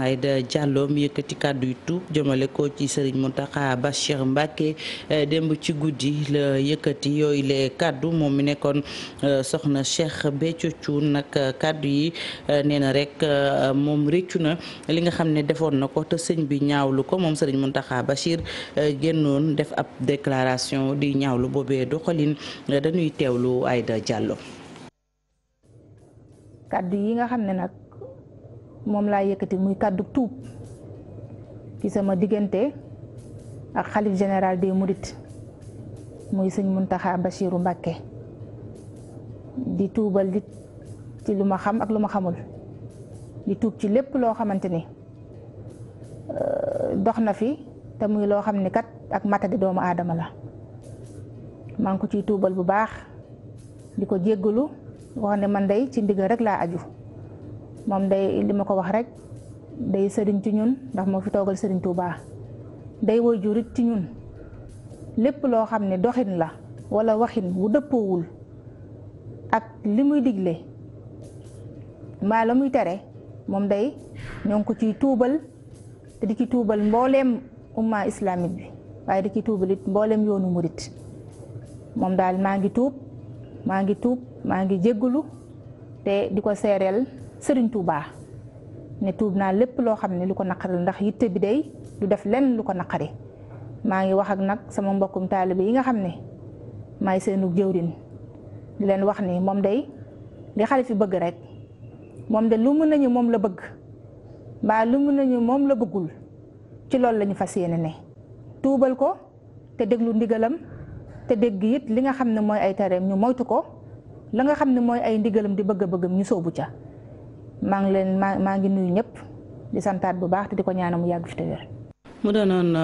Aïda Diallo mi yëkkati kàddu yu tuub jëmale ko ci Serigne Mountakha Bachir Mbacké eh, démb ci guddi la yëkkati yooyu les kàddu moom mu nekkoon eh, soxna Cheikh Béthio Thioune nag eh, kàddu yi nee na rek moom réccu na li nga xam ne defoon na ko te sëñ bi ñaawlu ko moom Serigne Mountakha Bachir génnoon def ab déclaration di ñaaw lu boobee doxalin dañuy teewlu Aïda Diallo. kàddu moom laa yëkkati muy kàddu tuub ci sama diggante ak xalif général de Mourides muy sëñ Muntaxa Bachiru Mbàkke di tuubal di ci lu ma xam ak lu ma xamul di tuub ci lépp loo xamante ni euh, dox na fi te muy loo xam ni kat ak matadi doomu aadama la maa ngi ko ciy tuubal bu baax di ko jéggalu wax ne man ndey ci ndigal rek laa aju moom day li ma ko wax rek day sëriñ ci ñun ndax moo fi toogal sëriñ Tuubaa day woy jurit ci ñun lépp loo xam ne doxin la wala waxin bu dëppoowul ak li muy digle maa la muy tere moom day ñoo ngi ko ciy tuubal te di ki tuubal mbooleem umma islamique bi waaye di ci tuubal mbooleem yoonu murit moom daal maa ngi tuub maa ngi tuub maa ngi jéggulu te di ko seereel Serigne Touba ne tuub naa lépp loo xam ne lu ko naqari ndax yitte bi day lu def lenn lu ko naqari maa ngi wax ak nag sama mbokkum taalibe yi nga xam ne maay seenu jëwrin di leen wax ni moom day li xale fi bëgg rek moom de lu mun nañu moom la bëgg mbaa lu mun nañu moom la bëggul ci loolu lañu fas yéene ne tuubal ko te déglu ndigalam te dégg it li nga xam ne mooy ay tareem ñu moytu ko la nga xam ne mooy ay ndigalam di bëgg a bëggam ñu soobu ca maa ngi leen maa maa ngi nuyu ñëpp di santaat bu baax te di ko ñaanal mu yàgg fi te wér mu doonoon